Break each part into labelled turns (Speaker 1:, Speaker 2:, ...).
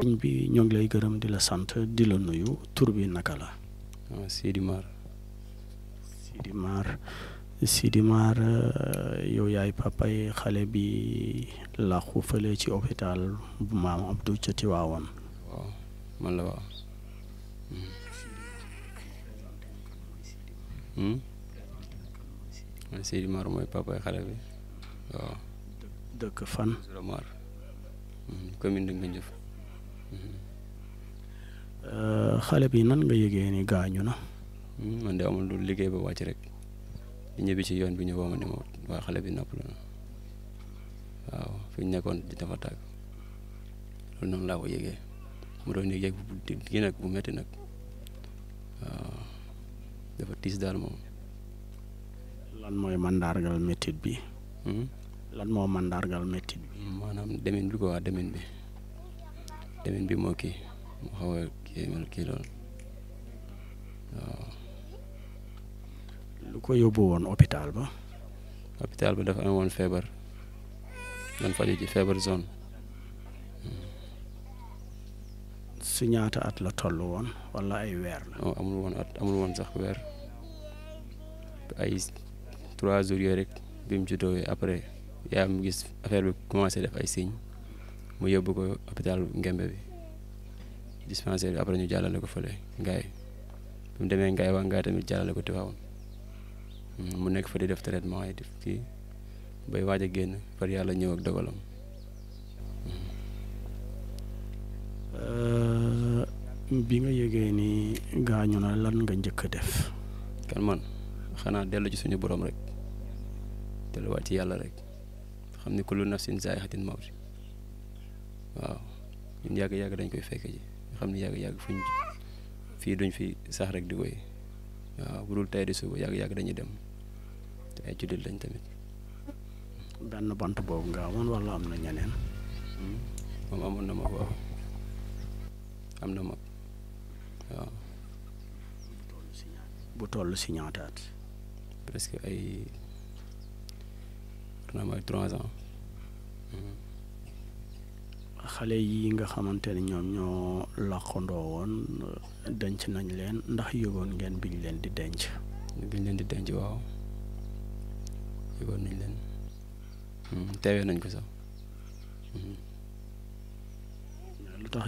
Speaker 1: sëñ bi ñoo ngi lay gërëm di la sant di la nuyu tur bi naka la. waaw ah, Sidi Mar. Sidi Mar Sidi Mar eh, yow yaay papay xale bi làqu fële ci hôpital bu maam Abdou ca Tiwaawoon. waaw man la waaw. Hmm?
Speaker 2: Hmm? Ah, Sidi Mar mooy papay xale bi waaw. dëkk fan. Hmm, commune de Mbindiouff.
Speaker 1: Euh, xale bi nan nga yëgee ni gaañu na.
Speaker 2: Hmm, man de amul lu liggéey ba wàcc rek di ñibbi ci yoon bi ñu woo ma ni ma waa xale bi nopp la waaw nekkoon dafa tàgg loolu noonu laa ko yëgee mu doon yëg bu kii nag bu metti nag
Speaker 1: dafa tiis daal moom. lan mooy màndaargal mettit bi. Hmm? lan moo màndaargal mettit bi. maanaam demin bi waa demin bi.
Speaker 2: demin bi moo kii mu xaw kii kii waaw. lu ko yóbbu woon hôpital ba. hôpital ba dafa amoon feebar man faju ci feebar zone. su ñaata at la toll woon
Speaker 1: walla ay weer
Speaker 2: la. non amul woon at amul woon sax weer ay trois jours yooyu rek bi mu juddoo après yaa mu gis affaire bi commencé def ay signes. mu yóbbu ko hôpital Ngembe bi dispensaire bi après ñu jàllale ko fële ngaay bi mu demee ngaay waa ngaay tamit jàllale ko Tivaouane mu nekk fa di def traitement yi def kii bay waaj a génn far yàlla ñëw ak dogalam.
Speaker 1: Euh, bi nga yëgee ni gaañu na lan nga njëkk
Speaker 2: a def. kan man xanaa dellu ci suñu borom rek delluwaat ci yàlla rek xam ni kullu nafsin zaa'iqatul mawt waaw ñun yàgg-yàgg dañ koy fekk ji xam ne yàgg-yàgg fi fii duñ fi sax rek di woy waaw bu dul tey di suba yàgg-yàgg dañuy dem te ay jullit lañ tamit
Speaker 1: benn bant boobu nga wala am na ñeneen moom amoon na mag waaw na mag waaw bu toll si ñaataat presque ay xanaa mooy trois ans mm-hmm. xale yi nga xamante ne ñoom ñoo làqandoo woon denc nañ leen ndax yëgoon ngeen bi ñu leen di denc biñ leen di denc waaw yëgoon nañ leen hmm, teewee nañ ko sax hmm. lu tax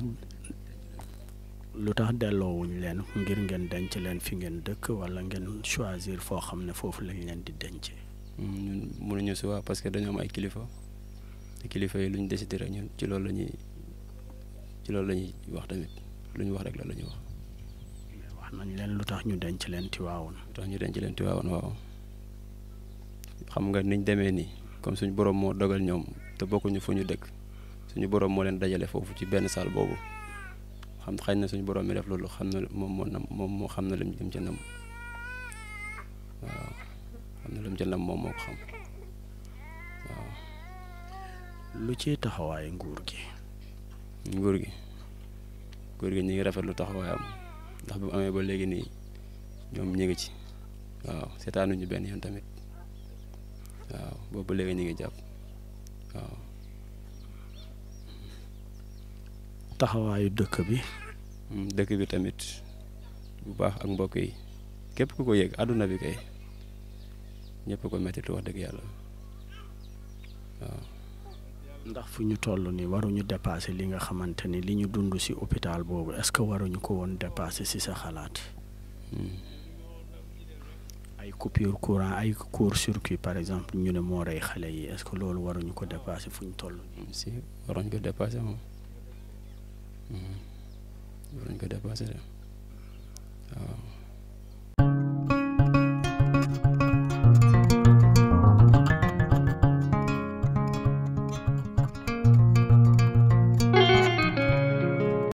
Speaker 1: lu tax delloo delloowuñ leen ngir ngeen denc leen fi ngeen dëkk walla ngeen choisir foo xam ne foofu lañ leen di denc hmm, ñun mënuñu si
Speaker 2: waaw parce que dañoom ay kilifa kilifa yi lu ñu décidé rek ñun ci loolu la ñuy ci loolu la ñuy wax tamit lu ñu wax rek loolu la ñuy wax.
Speaker 1: mais wax nañ leen lu tax ñu denc leen Tiwaawoon. lu
Speaker 2: tax ñu denc leen Tiwaawoon waaw xam nga niñ demee nii comme suñu borom moo dogal ñoom te bokkuñu fu ñu dëkk suñu borom moo leen dajale foofu ci benn saal boobu xam xañ na suñu borom mi def loolu xam na moom moo nam moom moo xam na lim jëm ca nam waaw xam na lim ca nam moom moo ko xam. lu ci taxawaay nguur gi. nguur gi nguur gi ñu ngi rafet lu taxawaayam ndax bu amee ba léegi nii ñoom ñu ngi ci waaw seetaanuñu benn yoon tamit waaw boobu ba léegi ñu ngi jàpp waaw. taxawaayu dëkk bi. Hmm, dëkk bi tamit bu baax ak mbokk yi képp ku ko yëg àdduna bi kay ñëpp ko mettitu wax dëgg yàlla
Speaker 1: waaw. ndax fu ñu toll nii waruñu dépasser li nga xamante ni li ñu dund ci hôpital boobu est-ce que waruñu ko woon dépasser ci sa xalaat hmm. ay coupure courant ay court-circuit par exemple ñu ne moo rey xale yi est-ce que loolu waruñu ko dépasser fu ñu toll. Hmm, si
Speaker 2: waruñu ko dépasser moom hmm, waruñu ko dépasser waaw.